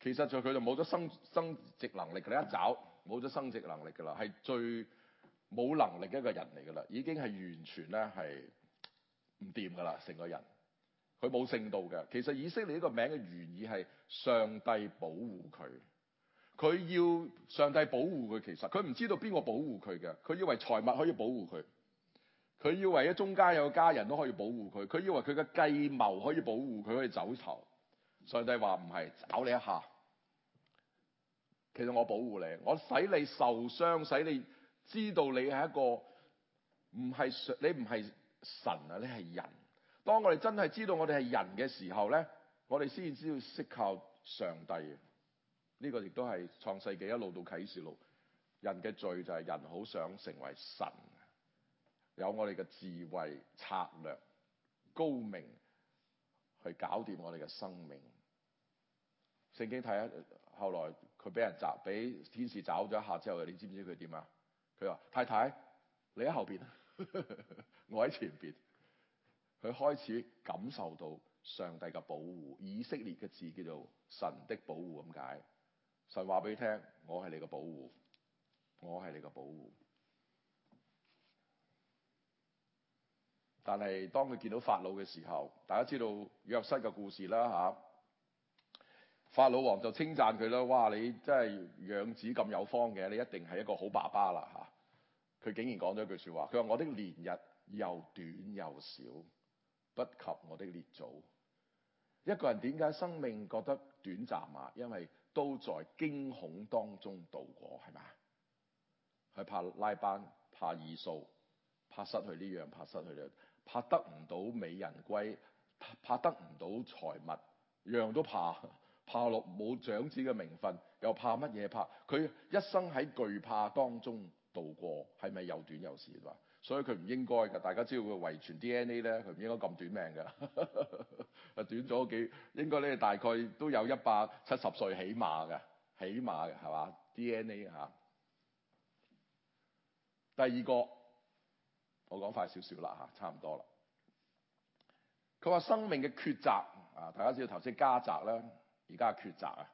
其實就佢就冇咗生生殖能力，你一找，冇咗生殖能力㗎啦，係最。冇能力嘅一個人嚟噶啦，已經係完全咧係唔掂噶啦，成個人。佢冇聖度嘅。其實以色列呢個名嘅原意係上帝保護佢。佢要上帝保護佢，其實佢唔知道邊個保護佢嘅。佢以為財物可以保護佢，佢以為一中間有個家人都可以保護佢，佢以為佢嘅計謀可以保護佢，可以走頭。上帝話唔係，找你一下。其實我保護你，我使你受傷，使你。知道你係一個唔係你唔係神啊！你係人。當我哋真係知道我哋係人嘅時候咧，我哋先至知道依靠上帝。啊、這、呢個亦都係創世紀一路到啟示錄，人嘅罪就係人好想成為神，有我哋嘅智慧、策略、高明，去搞掂我哋嘅生命。聖經睇下，後來佢俾人摘，俾天使找咗一下之後，你知唔知佢點啊？佢話：太太，你喺後邊， [LAUGHS] 我喺前邊。佢開始感受到上帝嘅保護。以色列嘅字叫做神的保護咁解。神話俾你聽，我係你嘅保護，我係你嘅保護。但係當佢見到法老嘅時候，大家知道約瑟嘅故事啦嚇。法老王就稱讚佢啦，哇！你真係養子咁有方嘅，你一定係一個好爸爸啦嚇。佢竟然講咗一句説話，佢話：我的年日又短又少，不及我的列祖。一個人點解生命覺得短暫啊？因為都在驚恐當中度過，係咪？係怕拉班，怕二數，怕失去呢樣，怕失去呢樣，怕得唔到美人歸，怕得唔到財物，樣都怕，怕落冇長子嘅名分，又怕乜嘢怕？佢一生喺懼怕當中。渡過係咪又短又時啊？所以佢唔應該㗎，大家知道佢遺傳 DNA 咧，佢唔應該咁短命㗎，係 [LAUGHS] 短咗幾應該咧，大概都有一百七十歲起碼嘅，起碼嘅係嘛？DNA 嚇、啊。第二個，我講快少少啦嚇，差唔多啦。佢話生命嘅抉擇啊，大家知道頭先家宅咧，而家抉擇啊。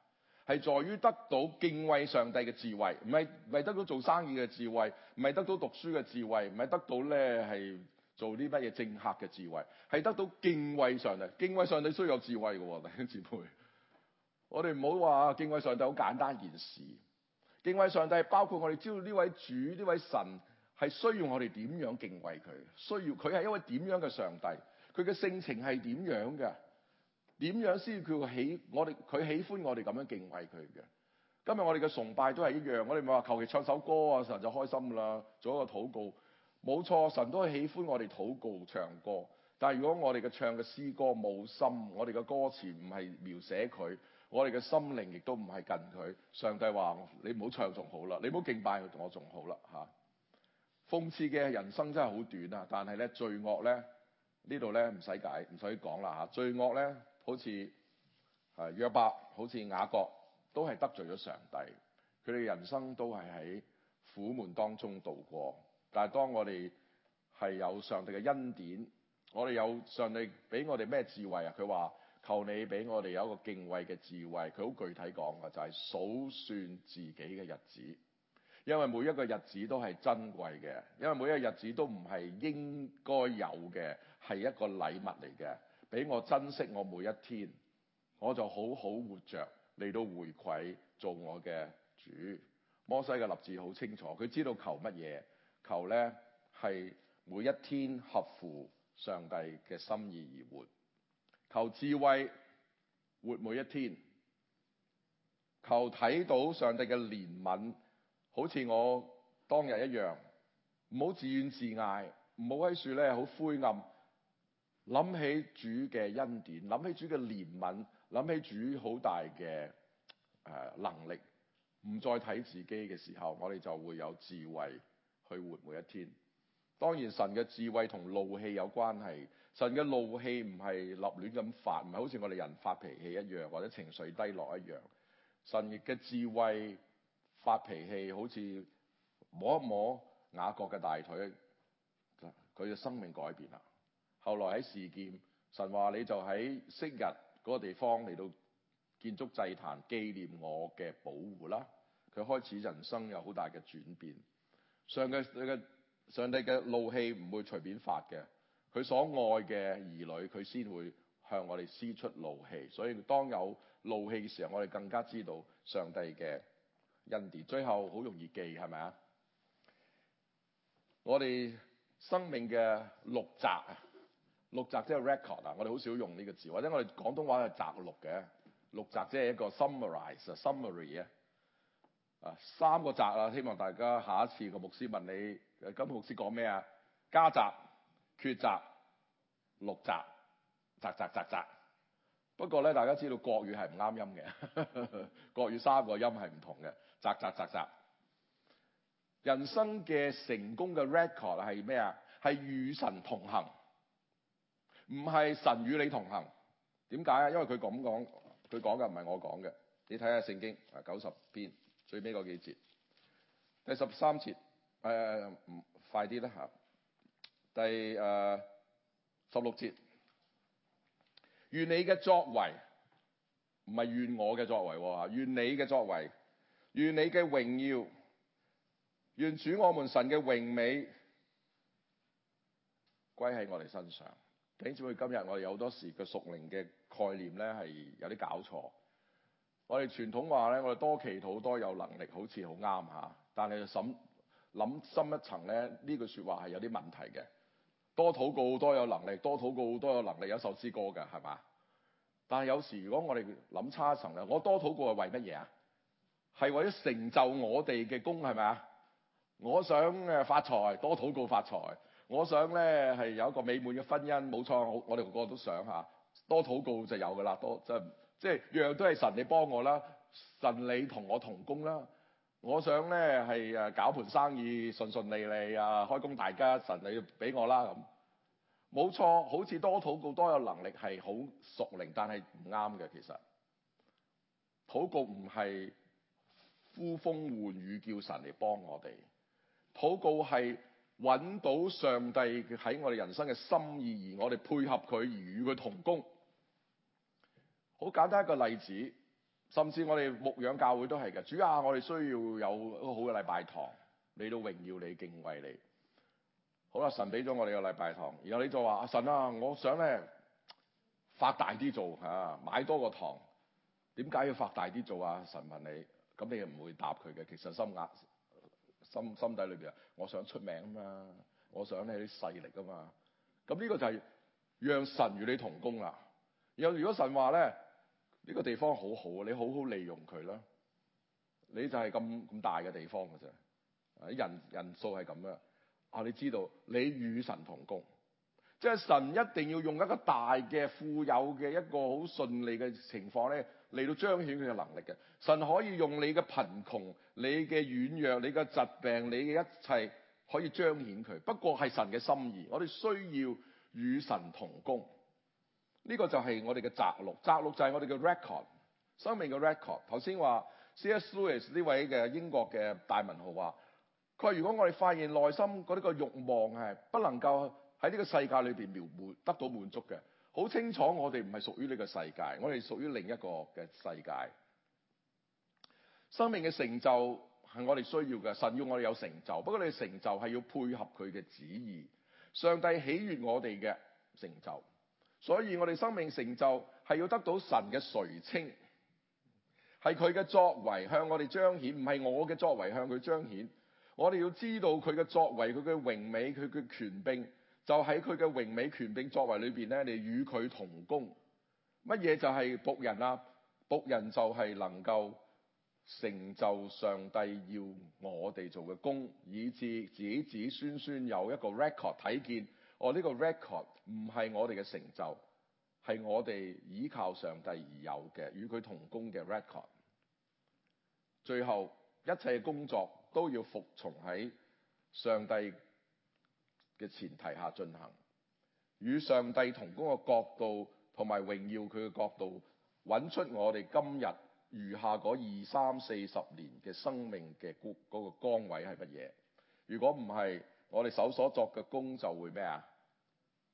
係在於得到敬畏上帝嘅智慧，唔係唔係得到做生意嘅智慧，唔係得到讀書嘅智慧，唔係得到咧係做啲乜嘢政客嘅智慧，係得到敬畏上帝。敬畏上帝需要有智慧嘅喎、哦，弟兄姊妹，我哋唔好話敬畏上帝好簡單一件事。敬畏上帝包括我哋知道呢位主呢位神係需要我哋點樣敬畏佢，需要佢係一位點樣嘅上帝，佢嘅性情係點樣嘅。點樣先叫佢喜？我哋佢喜歡我哋咁樣敬畏佢嘅。今日我哋嘅崇拜都係一樣，我哋唔係話求其唱首歌啊，神就開心啦。做一個禱告，冇錯，神都係喜歡我哋禱告、唱歌。但係如果我哋嘅唱嘅詩歌冇心，我哋嘅歌詞唔係描寫佢，我哋嘅心靈亦都唔係近佢。上帝話：你唔好唱仲好啦，你唔好敬拜我仲好啦。吓，諷刺嘅人生真係好短啊！但係咧罪惡咧呢度咧唔使解，唔使講啦吓。罪惡咧。好似啊約伯，好似雅各，都係得罪咗上帝。佢哋人生都係喺苦悶當中度過。但係當我哋係有上帝嘅恩典，我哋有上帝俾我哋咩智慧啊？佢話求你俾我哋有一個敬畏嘅智慧。佢好具體講嘅就係數算自己嘅日子，因為每一個日子都係珍貴嘅，因為每一個日子都唔係應該有嘅，係一個禮物嚟嘅。俾我珍惜我每一天，我就好好活着嚟到回饋做我嘅主。摩西嘅立志好清楚，佢知道求乜嘢？求咧，係每一天合乎上帝嘅心意而活，求智慧活每一天，求睇到上帝嘅憐憫，好似我當日一樣，唔好自怨自艾，唔好喺度咧好灰暗。諗起主嘅恩典，諗起主嘅憐憫，諗起主好大嘅誒能力，唔再睇自己嘅時候，我哋就會有智慧去活每一天。當然神嘅智慧同怒氣有關係，神嘅怒氣唔係立亂咁發，唔係好似我哋人發脾氣一樣，或者情緒低落一樣。神嘅智慧發脾氣，好似摸一摸雅各嘅大腿，佢嘅生命改變啦。後來喺事件，神話你就喺昔日嗰個地方嚟到建築祭壇紀念我嘅保護啦。佢開始人生有好大嘅轉變。上帝嘅上帝嘅怒氣唔會隨便發嘅，佢所愛嘅兒女佢先會向我哋施出怒氣。所以當有怒氣嘅時候，我哋更加知道上帝嘅恩典。最後好容易記係咪啊？我哋生命嘅六集錄摘即係 record 啊！我哋好少用呢個字，或者我哋廣東話係摘錄嘅。錄摘即係一個 summarize，summary i z 咧啊三個集啊！希望大家下一次個牧師問你：誒今牧師講咩啊？家宅、抉擇、錄摘、集集集集。不過咧，大家知道國語係唔啱音嘅，國語三個音係唔同嘅。集集集集。人生嘅成功嘅 record 係咩啊？係與神同行。唔係神與你同行，點解啊？因為佢咁講，佢講嘅唔係我講嘅。你睇下聖經啊，九十篇最尾嗰幾節，第十三節，誒、呃，唔快啲啦吓，第誒十六節，願你嘅作為唔係願我嘅作為，願你嘅作為，願你嘅榮耀，願主我們神嘅榮美歸喺我哋身上。頂住佢今日，我哋有好多時嘅熟齡嘅概念咧，係有啲搞錯。我哋傳統話咧，我哋多祈禱多有能力，好似好啱吓。但係審諗深一層咧，呢句説話係有啲問題嘅。多禱告多有能力，多禱告多有能力，有首詩歌㗎係嘛？但係有時如果我哋諗差一層咧，我多禱告係為乜嘢啊？係為咗成就我哋嘅功係咪啊？我想誒發財，多禱告發財。我想咧係有一個美滿嘅婚姻，冇錯，我我哋個個都想嚇，多禱告就有㗎啦，多、即係、即係即係樣樣都係神你幫我啦，神你同我同工啦。我想咧係誒搞盤生意順順利利啊，開工大家神你俾我啦咁。冇錯，好似多禱告多有能力係好屬靈，但係唔啱嘅，其實。禱告唔係呼風喚雨叫神嚟幫我哋，禱告係。揾到上帝喺我哋人生嘅心意，而我哋配合佢，與佢同工。好簡單一個例子，甚至我哋牧養教會都係嘅。主啊，我哋需要有一個好嘅禮拜堂，嚟到榮耀你、敬畏你。好啦，神俾咗我哋個禮拜堂，然後你就話：啊「阿神啊，我想咧發大啲做嚇、啊，買多個堂。點解要發大啲做啊？神問你，咁你唔會答佢嘅。其實心壓。心心底裏邊啊，我想出名啊嘛，我想呢啲勢力啊嘛，咁呢個就係讓神與你同工啦。又如果神話咧，呢個地方好好啊，你好好利用佢啦。你就係咁咁大嘅地方嘅啫，人人數係咁樣，啊，你知道你與神同工。即係神一定要用一個大嘅富有嘅一個好順利嘅情況咧，嚟到彰顯佢嘅能力嘅。神可以用你嘅貧窮、你嘅軟弱、你嘅疾病、你嘅一切，可以彰顯佢。不過係神嘅心意，我哋需要與神同工。呢、這個就係我哋嘅摘錄，摘錄就係我哋嘅 record。生命嘅 record。頭先話 C.S. Lewis 呢位嘅英國嘅大文豪話，佢話如果我哋發現內心嗰啲個慾望係不能夠。喺呢個世界裏邊，描滿得到滿足嘅，好清楚。我哋唔係屬於呢個世界，我哋屬於另一個嘅世界。生命嘅成就係我哋需要嘅，神要我哋有成就。不過你嘅成就係要配合佢嘅旨意。上帝喜悦我哋嘅成就，所以我哋生命成就係要得到神嘅垂青，係佢嘅作為向我哋彰顯，唔係我嘅作為向佢彰顯。我哋要知道佢嘅作為，佢嘅榮美，佢嘅權柄。就喺佢嘅榮美、權柄、作為裏邊咧，你與佢同工。乜嘢就係僕人啊？僕人就係能夠成就上帝要我哋做嘅工，以至子子孫孫有一個 record 睇見。我，哦，呢個 record 唔係我哋嘅成就，係我哋依靠上帝而有嘅與佢同工嘅 record。最後一切工作都要服從喺上帝嘅前提下進行，與上帝同工嘅角度同埋榮耀佢嘅角度，揾出我哋今日餘下嗰二三四十年嘅生命嘅嗰、嗰個崗位係乜嘢？如果唔係，我哋手所作嘅工就會咩啊？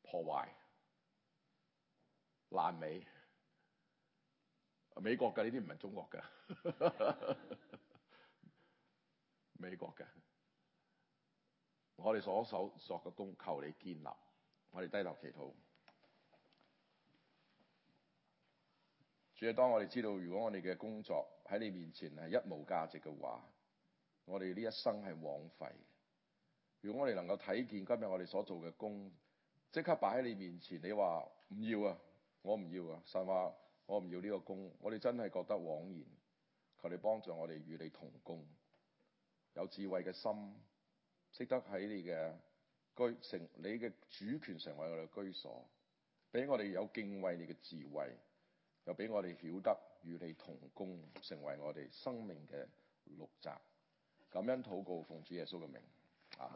破壞爛尾。美國嘅呢啲唔係中國嘅， [LAUGHS] 美國嘅。我哋所手作嘅工，求你建立。我哋低頭祈禱。主啊，當我哋知道如果我哋嘅工作喺你面前係一無價值嘅話，我哋呢一生係枉費。如果我哋能夠睇見今日我哋所做嘅工，即刻擺喺你面前，你話唔要啊，我唔要啊！神話我唔要呢個工，我哋真係覺得枉然。求你幫助我哋與你同工，有智慧嘅心。識得喺你嘅居城，你嘅主權成為我哋居所，俾我哋有敬畏你嘅智慧，又俾我哋曉得與你同工，成為我哋生命嘅六集。咁樣禱告，奉主耶穌嘅名，阿